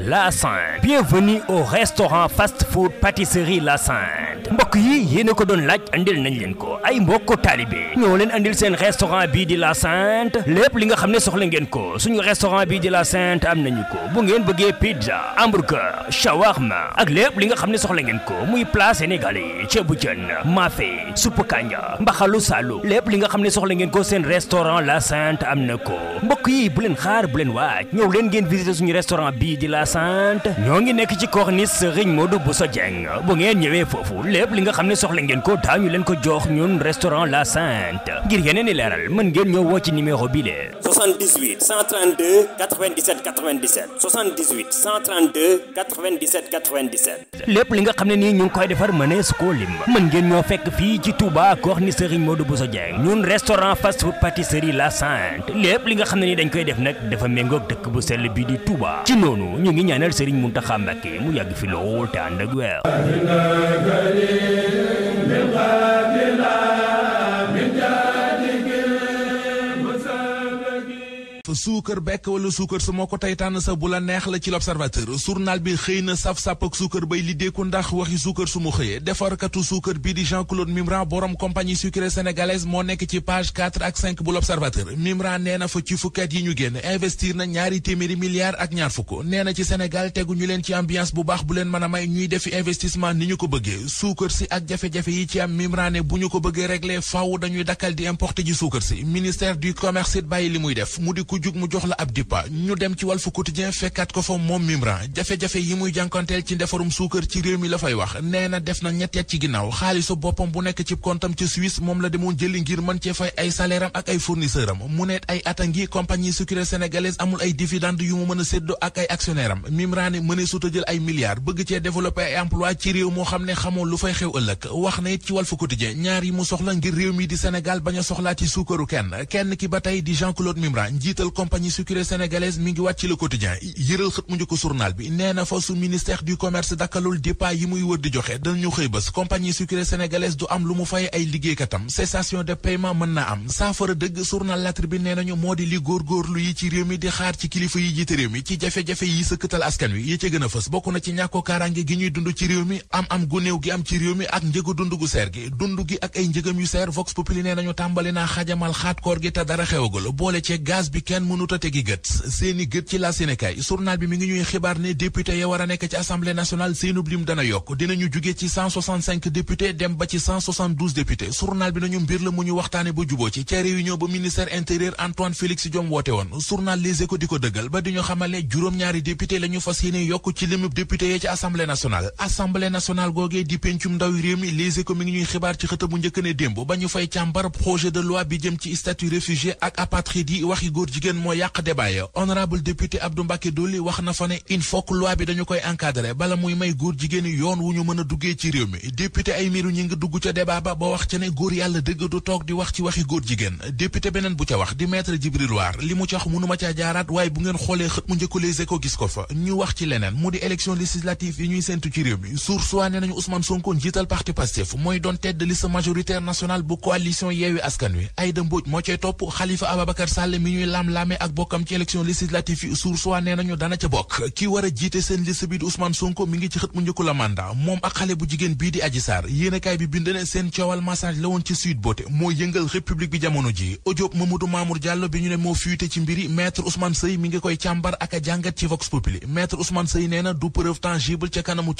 La Sainte. Bienvenue au restaurant fast-food pâtisserie La Sainte. mbokk yi yéen a ko doon laaj andil nañ leen ko ay mbokk taalibe ñoo leen andil seen restaurant bii di la Sainte lépp li nga xam ne soxla ko suñu restaurant bii di la Sainte am nañu ko bu ngeen bëggee pizza hamburger shawarma ak lépp li nga xam ne soxla ngeen ko muy plat sénégalais ceebu jën mafé supp kanja mbaxalu salu lépp li nga xam ne soxla ko seen restaurant la Sainte am na ko mbokk bu leen xaar bu leen waaj ñëw leen ngeen visiter suñu restaurant bii lépp li nga xam ne soxla ngeen ko daañu leen ko jox ñun restaurant ngir yeneen i leeral mën ngeen ñoo woo ci numéro bi le 78 132 97 97 78 lépp li xam ne nii ñu ngi koy defar mënees koo lim mën ngeen ñoo fekk fii ci Touba Corniche Serigne Modou Bousso Dieng ñun restaurant fast food pâtisserie La Sainte lépp li nga xam ne nii dañ koy def nag dafa méngoog dëkk bu sell bi di Touba ci noonu ñu ngi ñaanal Serigne Mountakha Mbacké mu yàgg fi lool te ànd ak weer من قبل suukar bekk wala suukar su moo ko tey tànn sa bu la neex la ci l'observateur journal bi xëy na saf-sàpp ak suukar bay li déeku ndax waxi suukar su mu xëyee defarkatu suukar bii di Jean Claude Mimran borom compagnie sucrière sénégalaise moo nekk ci page 4 ak 5 bu l'observateur Mimran nee na fa ci fukkat yi ñu génn investir na ñaari téeméeri milliards ak ñaar fukk nee na ci Sénégal tegu ñu leen ci ambiance bu baax bu leen mën a may ñuy defi investissement ni ñu ko bëggee suukar si ak jafe yi ci am Mimran bu ñu ko bëggee régler faaw dañuy dakkal di importer ji suukar si ministère du commerce bàyyi li muy def mu di ku jug mu jox la ab dippa ñu dem ci Walf Quotidien fekkaat ko fa moom Mimran jafe-jafe yi muy jànkonteel ci ndefarum suukar ci réew mi la fay wax nee na def na ñetti at ci ginnaaw xaalisu boppam bu nekk ci kontam ci Suisse moom la demoon jëli ngir mën cee fay ay salaire ak ay fournisseur mu ne ay at a ngi compagnie sucrière sénégalaise amul ay dividende yu mu mën a ak ay actionnaire Mimran ne mënee suta jël ay milliards bëgg cee développer ay emploi mi di Sénégal a soxlaa ci suukaru kenn kenn ki ba compagnie sucrière sénégalaise mi ngi wàcc ci le quotidien yëral xët mu njëkk journal bi nee na fa su ministère du commerce dakkalul dépas yi muy wër di joxe danañu xëy bés compagnie sucrière sénégalaise du am lu mu fay ay liggéeykatam cessation de paiement mën na am saafara dëgg journal La Tribune nee nañu moo di li góorgóorlu yi ci réew mi di xaar ci kilifa yi jiite réew mi ci jafe-jafe yi sëkkatal askan wi yi ci gën a fës bokk na ci ñàkko kaaraange gi ñuy dund ci réew mi am am gu néew gi am ci dund gu seer gi dund gi ak ay njëgam yu seer vox populi nee nañu tàmbali naa xajamal xaat koor gi te dara boole ci kenn tegi gët seeni gët ci la Sénégal journal bi mi ngi ñuy xibaar ne député ya war a nekk ci assemblée nationale seenub lim dana yokk dinañu jugee ci député dem ba ci député journal bi nañu mbir la mu ñu waxtaane ba juboo ci ca réunion ba ministère intérieur Antoine Félix Diome woote woon journal Les Échos di ko dëggal ba di ñu xamale juróom-ñaari député la ñu fas yokk ci limub député ya ci assemblée nationale assemblée nationale googee leen moo yàq débat ya honorable député Abdou Mbacké Dolly wax na fa ne il faut que bi dañu koy encadrer bala muy may góor jigéen yoon wu ñu mën duggee ci réew mi député ay miru ñi ngi dugg ca débat ba ba wax ca ne góor yàlla dëgg du toog di wax ci waxi góor jigéen député beneen bu ca wax di maître Djibril War li mu ca wax mënuma caa jaaraat waaye bu ngeen xoolee xët mu njëkk Les Échos gis ko fa ñu wax ci leneen mu di élection législative yi ñuy séntu lam ak bokkam ci élection législative yi sursoi nee nañu dana ca bokk ki war a jiite seen liste bi di Ousmane mi ngi ci xët mu njëkku la mandat moom ak xale bu jigéen bii di Adji Sarr yéenekaay bi bind ne seen coowal massage la woon ci Sweet Beauté moo yëngal république bi jamono ji audiop Mamadou Mamour Diallo bi ñu ne moo fuité ci mbiri maître Ousmane Seye mi ngi koy càmbar ak a jàngat ci Vox Populi maître Ousmane Seye nee na du preuve tangible ca kanamu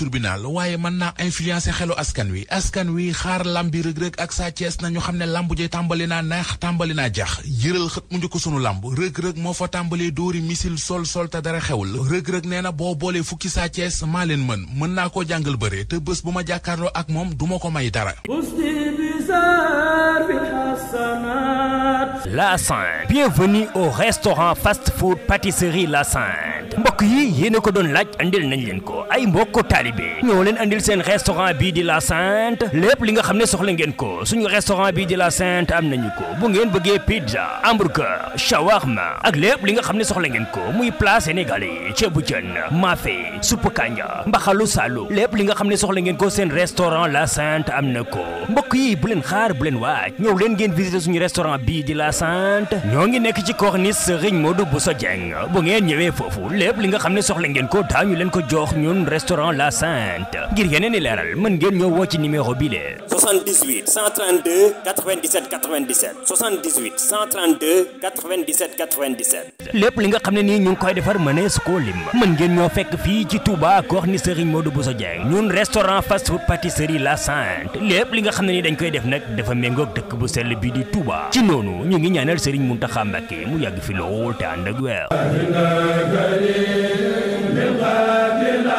waaye mën naa influencer xelu askan wi askan wi xaar lambi rëg-rëg ak Sa Thiès nañu xam ne lambu jee tàmbali naa neex tàmbali naa jax yëral xët mu njëkku sunu lamb rëg-rëg moo fa tàmbalee dóori misil sol sol te dara xewul rëg-rëg nee na boo boolee fukki Sa Thiès maa leen mën mën naa ko jàngal bëre te bés bu ma jàkkaarloo ak moom duma ko may dara Lassin bienvenue au restaurant fast food la Lassin mbokk yi yéen ko doon laaj andil nañ leen ko ay mbokk taalibe ñoo leen andil seen restaurant bii di la Sainte lépp li nga xam ne soxla ngeen ko suñu restaurant bii di la Sainte am nañu ko bu ngeen bëggee pizza hamburger shawarma ak lépp li nga xam ne soxla ngeen ko muy plat sénégalais ceebu jën mafé supp kanja mbaxalu salu lépp li nga xam ne soxla ngeen ko seen restaurant la Sainte am na ko mbokk yi bu leen xaar bu leen waaj ñëw leen ngeen visiter suñu restaurant bii di la Sainte ñoo ngi nekk ci corniche Serigne Modou Bousso Dieng bu ngeen ñëwee foofu lépp li nga xam ne soxla ngeen ko daañu leen ko joox ñun restaurant La Sainte ngir yeneen i leeral mën ngeen ñoo woo ci numéro bi 78 132 97 97 78 132 lépp li nga xam ne nii ñu ngi koy defar mënees koo lim mën ngeen ñoo fekk fii ci Touba Gorgny Serigne Modou Bousso Dieng ñun restaurant fast food La Sainte lépp li nga xam ne nii dañ koy def nag dafa méngoog dëkk bu sell bii di Touba ci noonu ñu ngi ñaanal Serigne Mountakha Mbacké mu yàgg fi lool te ànd ak weer.